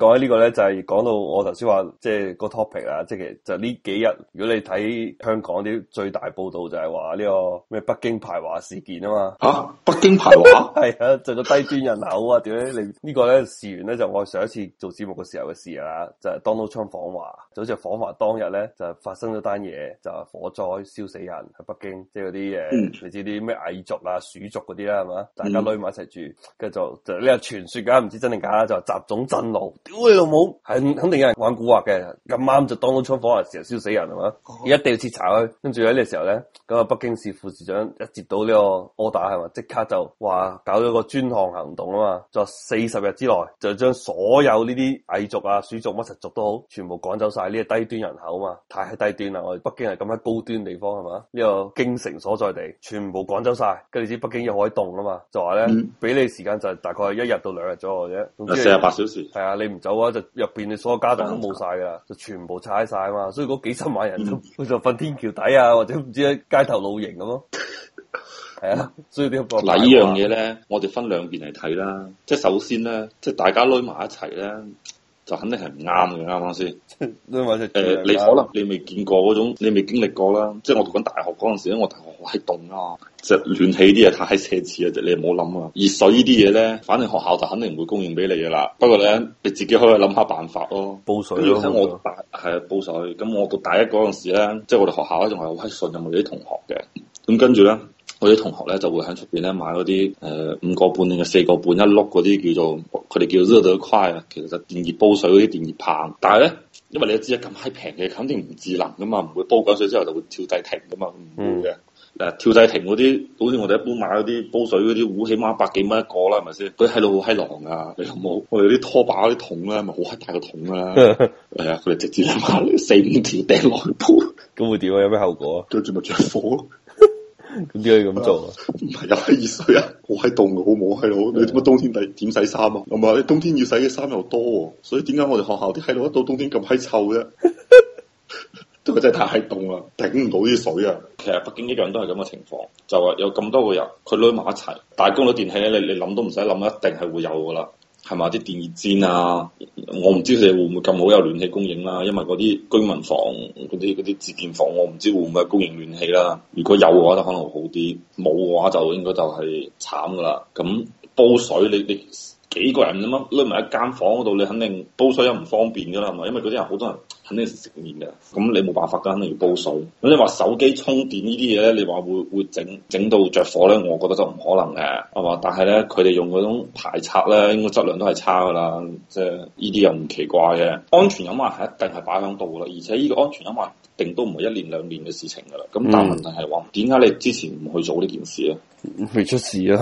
講呢個咧就係、是、講到我頭先話即係個 topic 啊，即係就呢幾日如果你睇香港啲最大報道就係話呢個咩北京排華事件嘛啊嘛吓，北京排華係 啊，就咗低端人口啊，點咧嚟呢個咧事源咧就是、我上一次做節目嘅時候嘅事啦，就係 Donald Trump 訪華，就好似訪華當日咧就發生咗單嘢，就係火災燒死人喺北京，即係嗰啲誒，嗯、你知啲咩蟻族啊、鼠族嗰啲啦係嘛，大家堆埋一齊住，跟住、嗯、就就呢個傳說噶，唔知真定假，就集中震怒。屌你老母，肯肯定有人玩蠱惑嘅，咁啱就當到出火啊，成日燒死人係嘛？一定要徹查佢。跟住喺呢個時候咧，咁啊北京市副市長一接到呢個柯打係嘛，即刻就話搞咗個專項行，行動啊嘛，就四十日之內就將所有呢啲蟻族啊、鼠族乜實族、族都好，全部趕走晒呢啲低端人口啊嘛，太低端啦！我哋北京係咁樣高端地方係嘛，呢、呢個京城所在地，全部趕走晒。跟住知北京要好凍啊嘛，就話咧俾你時間就大概一日到兩日左右啫，四十八小時係啊，你走啊！就入邊你所有家當都冇晒噶啦，就全部踩晒啊嘛，所以嗰幾十萬人都佢就瞓、嗯、天橋底啊，或者唔知喺街頭露營咁咯。係 啊，所以點講嗱？ 呢樣嘢咧， 我哋分兩邊嚟睇啦，即係首先咧，即係大家攞埋一齊咧。就肯定係唔啱嘅啱啱先？誒， 嗯、你可能 你未見過嗰種，你未經歷過啦。即係我讀緊大學嗰陣時咧，我大學係凍啊，即、就、係、是、暖氣啲嘢，太奢侈啊！即你唔好諗啊。熱水呢啲嘢咧，反正學校就肯定唔會供應俾你噶啦。不過咧，你自己可以諗下辦法咯。煲水咯。而且我大係啊，煲水。咁多、啊、我讀大一嗰陣時咧，即係我哋學校咧仲係好閪信任我哋啲同學嘅。咁跟住咧。我啲同學咧就會喺出邊咧買嗰啲誒，五個半定係四個半一碌嗰啲，叫做佢哋叫做熱得快啊，其實電熱煲水嗰啲電熱棒，但係咧因為你都知咁閪平嘅，肯定唔智能噶嘛，唔會煲滾水之後就會跳掣停噶嘛，唔會嘅。誒、嗯、跳掣停嗰啲，好似我哋一般買嗰啲煲水嗰啲壺，起碼百幾蚊一個啦，係咪先？佢喺度好閪狼是是啊！你有冇？我哋啲拖把嗰啲桶咧，咪好閪大個桶啦。係啊，佢哋直接買四五條掟落去煲，咁 會點啊？有咩後果？跟住咪着火咯～點解要咁做？唔係又係熱水啊！好閪凍嘅，好冇係好，你點解冬天洗點洗衫啊？同埋你冬天要洗嘅衫又多，啊，所以點解我哋學校啲閪佬一到冬天咁閪臭嘅，啊？都係 真係太凍啦，頂唔到啲水啊！其實北京一樣都係咁嘅情況，就係有咁多個人佢攞埋一齊，但係供暖電器咧，你你諗都唔使諗，一定係會有噶啦。係咪啲電熱氈啊？我唔知你會唔會咁好有暖氣供應啦。因為嗰啲居民房、嗰啲啲自建房，我唔知會唔會係供應暖氣啦。如果有嘅話，就可能好啲；冇嘅話，就應該就係慘㗎啦。咁煲水，你你幾個人咁樣匿埋一間房嗰度，你肯定煲水又唔方便㗎啦，係咪？因為嗰啲人好多人。肯定係食麵嘅，咁你冇辦法噶，肯定要煲水。咁你話手機充電呢啲嘢咧，你話會會整整到着火咧？我覺得就唔可能嘅，係嘛？但係咧，佢哋用嗰種排插咧，應該質量都係差噶啦，即係呢啲又唔奇怪嘅。安全隱患係一定係擺響度噶啦，而且呢個安全隱患一定都唔係一年兩年嘅事情噶啦。咁、嗯、但係問題係話，點解你之前唔去做呢件事咧？未出事啊？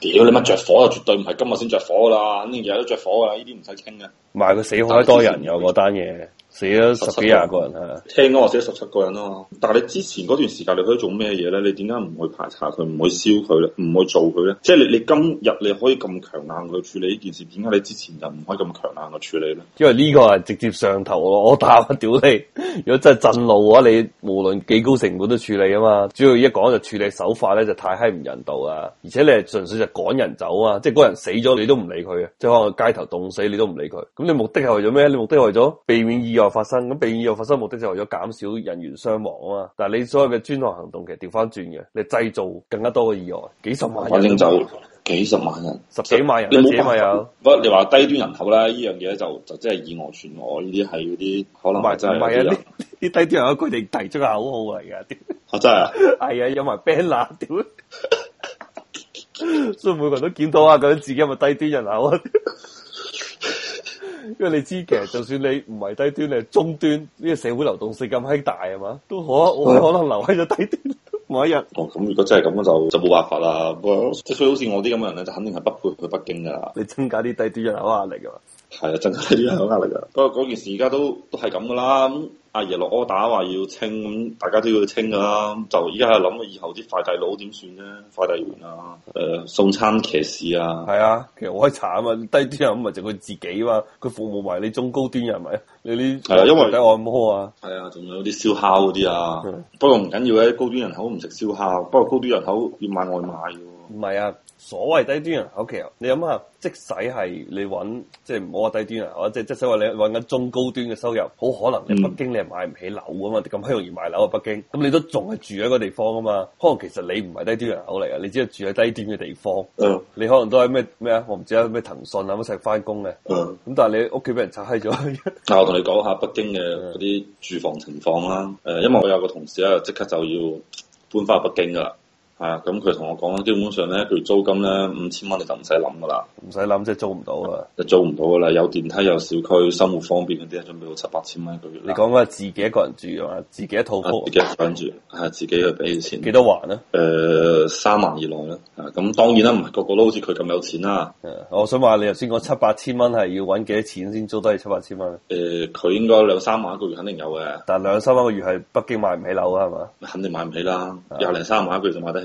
屌你乜着火啊？絕對唔係今日先着火噶啦，肯定日日都着火噶，呢啲唔使傾嘅。唔係佢死好多人有嗰單嘢。死咗十幾廿個人啊！聽講話死咗十七個人啊嘛，但係你之前嗰段時間你可以做咩嘢咧？你點解唔去排查佢，唔去燒佢咧？唔去做佢咧？即係你你今日你可以咁強硬去處理呢件事，點解你之前就唔可以咁強硬去處理咧？因為呢個係直接上頭咯，我打我屌你！如果真係震怒嘅話，你無論幾高成本都處理啊嘛。主要一講就處理手法咧就太閪唔人道啊！而且你係純粹就趕人走啊，即係嗰人死咗你都唔理佢啊，即係可能街頭凍死你都唔理佢。咁你目的係為咗咩？你目的係為咗避免意外。發生咁，被意外發生的目的就為咗減少人員傷亡啊嘛。但係你所有嘅專項行動其實調翻轉嘅，你製造更加多嘅意外，幾十萬人，反正就幾十萬人，十幾萬人你，你冇萬有。不過，對 你話低端人口咧，呢樣嘢就，就就真係以訛傳訛，呢啲係嗰啲可能唔係真係唔係啲啲低端人口佢哋提出口號嚟噶。我、 啊、真係、啊，係 啊，有埋 banner，所以每個人都見到啊，咁自己係咪低端人口啊？因為你知其實就算你唔係低端，你係中端，呢個社會流動性咁閪大啊嘛，都可我可能留喺咗低端某一日。哦，咁如果真係咁嘅就就冇辦法啦。即所以，好似我啲咁嘅人咧，就肯定係不配去北京噶啦。你增加啲低端人口壓力噶。係啊，增加啲人口壓力噶。不過嗰件事而家都都係咁噶啦。咁阿爺落柯打話要清，咁大家都要清噶啦。嗯、就而家係諗，以後啲快遞佬點算啫？快遞員啊，誒、呃、送餐騎士啊。係啊，其實好閪慘啊。低端人咁咪就佢自己啊嘛。佢服務埋你中高端人咪？你啲係啊，因為洗按摩啊。係啊，仲有啲燒烤嗰啲啊。不過唔緊要咧，高端人口唔食燒烤。不過高端人口要買外賣。唔係啊，所謂低端人口其實，你諗下，即使係你揾即係唔好話低端人口啊，或者即係所謂你揾緊中高端嘅收入，好可能你北京你係買唔起樓啊嘛，咁閪、嗯、容易買樓啊北京，咁你都仲係住喺個地方啊嘛，可能其實你唔係低端人口嚟啊，你只係住喺低端嘅地方，嗯、你可能都喺咩咩啊，我唔知啊咩騰訊啊一齊翻工嘅，咁、嗯、但係你屋企俾人拆閪咗。 但我同你講下北京嘅嗰啲住房情況啦，誒、嗯，因為我有個同事咧即刻就要搬翻北京噶啦。係啊，咁佢同我講基本上咧，佢租金咧五千蚊你就唔使諗噶啦，唔使諗即係租唔到噶啦，就、嗯、租唔到噶啦，有電梯有小區，生活方便嗰啲，準備好七八千蚊一個月。你講緊係自己一個人住啊？自己一套鋪、啊，自己住係自己去俾錢。幾多環咧？誒，三環以內啦。啊，咁、呃啊嗯、當然啦，唔係個個都好似佢咁有錢啦、啊。誒、嗯，我想問下你，頭先講七八千蚊係要搵幾多錢先租得？七八千蚊？誒、啊，佢應該兩三萬一個月肯定有嘅。但係兩三萬一個月係北京買唔起樓啊？係嘛？肯定買唔起啦，廿零的三萬一個月就買得。誒，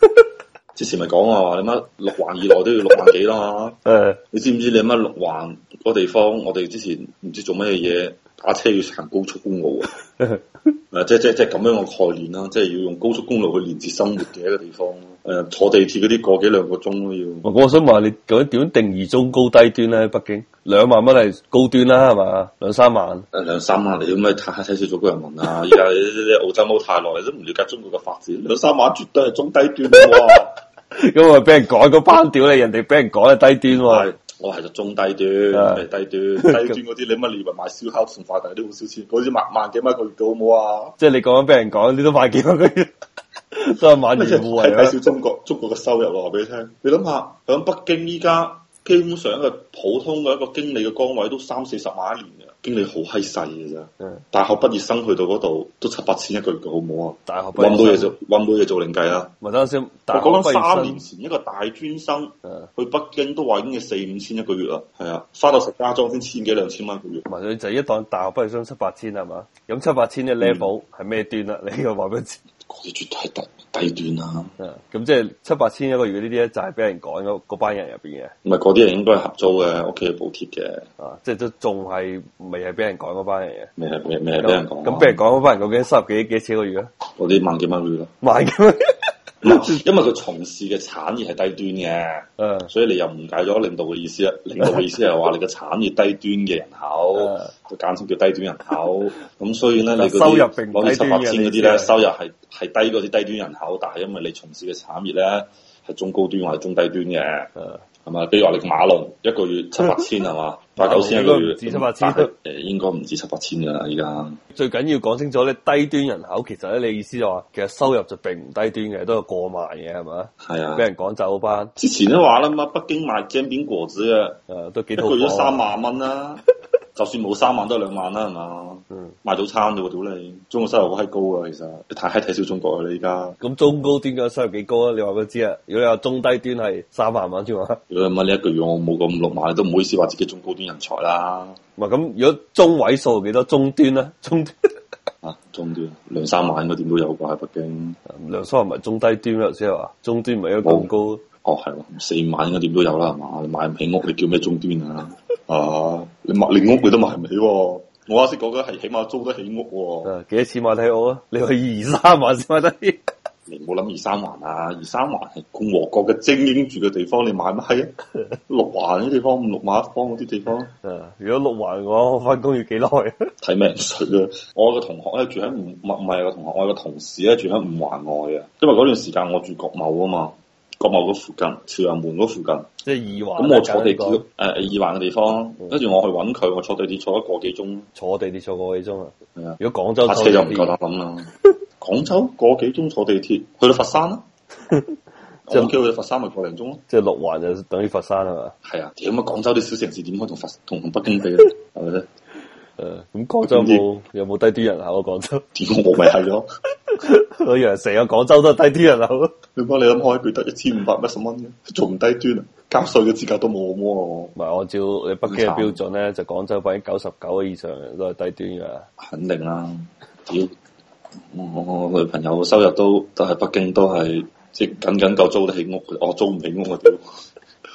之前咪講啊，話你乜六環以內都要六萬幾啦，誒， 你知唔知你乜六環嗰地方？我哋之前唔知做咩嘢，打車要行高速公路啊，誒、 即係，即即即咁樣個概念啦，即係要用高速公路去連接生活嘅一個地方誒， 坐地鐵嗰啲個幾兩個鐘都要。我 我想問你究竟點樣定義中高低端咧？喺北京？兩萬蚊係高端啦，係嘛？兩三萬，誒，兩三萬你咁咪太睇少中國人民啦！而家澳洲冇太耐，你都唔了解中國嘅發展。兩三萬絕對係中低端咯、啊， 因為俾人改個班屌你，人哋俾人改係低端喎。我係就中低端，係、啊、低端，低端嗰啲你乜以為賣燒烤送快遞都好少錢？嗰啲萬萬幾蚊一個月好唔好啊？即係你講緊俾人講，你都賣幾蚊個月，都係買年戶啊！睇少中國，中國嘅收入我話俾你聽，你諗下響北京依家。基本上一個普通嘅一個經理嘅崗位都三四十萬一年嘅，經理好閪細嘅啫。的大學畢業生去到嗰度都七八千一個月好唔好啊？大學畢業生揾唔到嘢做，揾唔到嘢做另計啦。我講緊三年前一個大專生的去北京都話已經係四五千一個月啦。係啊，返到石家莊先千幾兩千蚊一個月。唔係，就係一檔大學畢業生七八千係嘛？咁七八千嘅 level 係咩、嗯、端啊？你又話俾我知？嗰啲絕對係低低端啦，啊，咁即係七八千一個月呢啲咧，就係俾人趕嗰班人入邊嘅。唔係嗰啲人應該係合租嘅，屋企有補貼嘅，啊，即係都仲係未係俾人趕嗰班人嘅。未係未未係俾人講。咁俾人趕嗰班人究竟收入幾幾錢一個月啊？嗰啲萬幾蚊月咯，萬幾蚊。 因為佢從事嘅產業係低端嘅，嗯、所以你又誤解咗領導嘅意思啦。領導嘅意思係話你嘅產業低端嘅人口，佢、嗯、簡稱叫低端人口。咁、嗯、所以咧，你嗰啲攞啲七八千嗰啲咧，收入係係低過啲低端，低低端人口，但係因為你從事嘅產業咧係中高端或係中低端嘅，係嘛、嗯？比如話你馬龍 一個月七八千係嘛？八九千，一個月應該唔止七八千，誒，應該唔止七八千噶啦，依家。最緊要講清楚咧，低端人口其實咧，你意思就話，其實收入就並唔低端嘅，都係過萬嘅，係嘛？係啊，俾人趕走班。之前都話啦嘛，北京賣煎餅果子嘅，誒、嗯，嗯、都幾套、啊。攰咗三萬蚊啦、啊。 就算冇三萬都兩萬啦，係嘛？賣早餐嘅喎，屌你！中國收入好閪高啊，其實你太閪睇小中國你而家。咁中高端嘅收入幾高啊？你話俾我知啊？如果你話中低端係三萬蚊啫嘛？如果你問呢一句我冇咁六萬，都唔好意思話自己中高端人才啦。係咁，如果中位數幾多？中端咧？中端啊，中端兩三萬嘅點都有啩？喺北京。兩三萬咪中低端咯，即係話中端咪一個咁高。哦，係咯，四萬嘅點都有啦，係嘛？買唔起屋，你叫咩中端啊？啊！你買連屋佢都買唔起，哦，我啱先講緊係起碼租得起屋，哦。起起啊，幾多錢買得起屋啊？你去二三萬先買得？你唔好諗二三環啊！二三環係共和國嘅精英住嘅地方，你買乜閪啊？六環啲地方，五六萬一方嗰啲地方。啊！如果六環嘅話，我翻工要幾耐啊？睇命 水啊！我有個同學咧住喺五，唔係唔係，個同學，我個同事咧住喺五環外啊！因為嗰段時間我住國貿啊嘛。國貿嗰附近，朝陽門嗰附近，即係二環。咁我坐地鐵，誒、嗯，二環嘅地方，跟住、嗯嗯、我去揾佢，我坐地鐵坐咗個幾鐘，坐，鐘坐地鐵坐個幾鐘啊。係啊，如果廣州，搭車就唔夠膽諗啦。廣 州過幾鐘坐地鐵去到佛山啦、啊，即係 去到佛山咪個零鐘咯， 即係六環就等於佛山啊嘛。係啊，點啊？廣州啲小城市點可以同佛同北京比咧？係咪咧？誒，咁廣州有冇低端人口、啊？廣州點冇咪係咯， 我以為成個廣州都係低端人口咯。 如果你諗開，佢得一千五百八十蚊，嘅，仲唔低端稅好好啊！交稅嘅資格都冇。唔係按照你北京嘅標準咧，慘就廣州百分之九十九以上都係低端嘅，肯定啦、啊。屌，我我女朋友收入都都係北京都係，即係僅僅夠租得起屋，我、哦、租唔起屋啊都。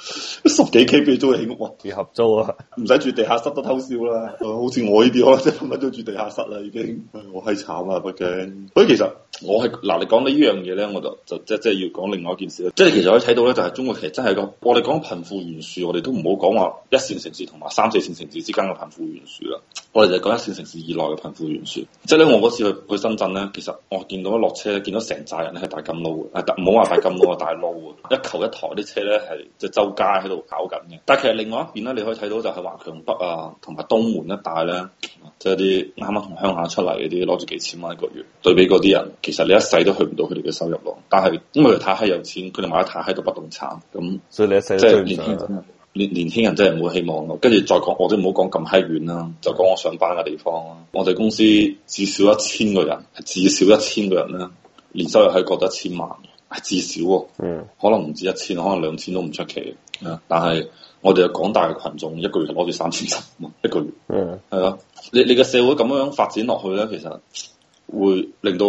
十幾 K 俾租起屋啊，幾合租啊，唔使住地下室都偷笑啦、 呃。好似我呢啲可能即係乜都住地下室啦，已經。哎、我係慘啊，畢竟，嗯、所以其實。我係嗱，你講到呢樣嘢咧，我就就即即係要講另外一件事咯。即係其實可以睇到咧，就係中國其實真係咁。我哋講貧富懸殊，我哋都唔好講話一線城市同埋三四線城市之間嘅貧富懸殊啦。我哋就講一線城市以內嘅貧富懸殊。即係咧，我嗰次去去深圳咧，其實我見到一落車咧，見到成寨人咧係大金撈嘅，唔好話大金撈啊，大撈嘅。 一球一台啲車咧係即周街喺度搞緊嘅。但係其實另外一邊咧，你可以睇到就係華強北啊，同埋東門一帶咧，即係啲啱啱同鄉下出嚟嗰啲攞住幾千蚊一個月，對比嗰啲人。其實你一世都去唔到佢哋嘅收入咯，但係因為太閪有錢，佢哋買得太閪多不動產，咁所以你一世即係年輕人，年輕人真係冇希望咯。跟住再講，我都唔好講咁閪遠啦，就講我上班嘅地方啦，啊。我哋公司至少一千個人，至少一千個人啦。年收入係覺得一千萬，至少，啊，嗯，可能唔止一千，可能兩千都唔出奇。嗯，但係我哋嘅廣大嘅群眾，一個月攞住三千七萬，一個月，嗯，係咯，啊。你你嘅社會咁樣發展落去咧，其實。會令到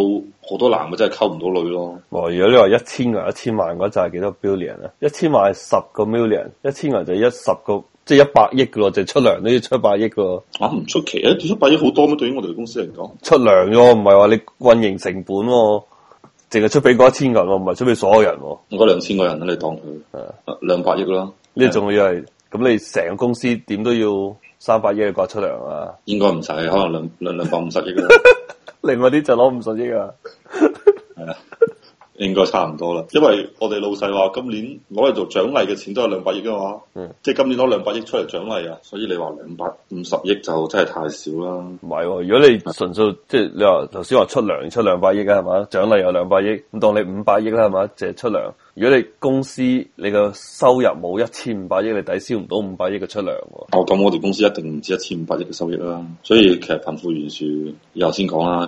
好多男嘅真係溝唔到女咯。哦，如果你話一千銀一千萬嘅話就係幾多 billion 啊？一千萬係十個 million，一千銀就一十個，即係一百億嘅咯，就出糧都要出百億嘅。啊，唔出奇啊，出百億好多咩？對於我哋公司嚟講，出糧咯，唔係話你運營成本，淨係出俾嗰一千銀，我唔係出俾所有人，嗰兩千個人咧、啊，你當佢係兩百億咯。呢仲要係咁，的你成個公司點都要？三百億嚟講出糧啊，應該唔使，可能兩兩兩百五十億，另外啲就攞五十億啊，係 啊，應該差唔多啦。因為我哋老細話今年攞嚟做獎勵嘅錢都係兩百億啊嘛，嗯、即係今年攞兩百億出嚟獎勵啊，所以你話兩百五十億就真係太少啦。唔係、哦，如果你純粹，是即係你話頭先話出糧出兩百億啊，係嘛，獎勵有兩百億，咁當你五百億啦，係嘛，淨係出糧。如果你公司你個收入冇一千五百億，你抵消唔到五百億嘅出糧，啊、哦、咁、嗯、我哋公司一定唔止一千五百億嘅收益啦。所以其實貧富懸殊以後先講啦。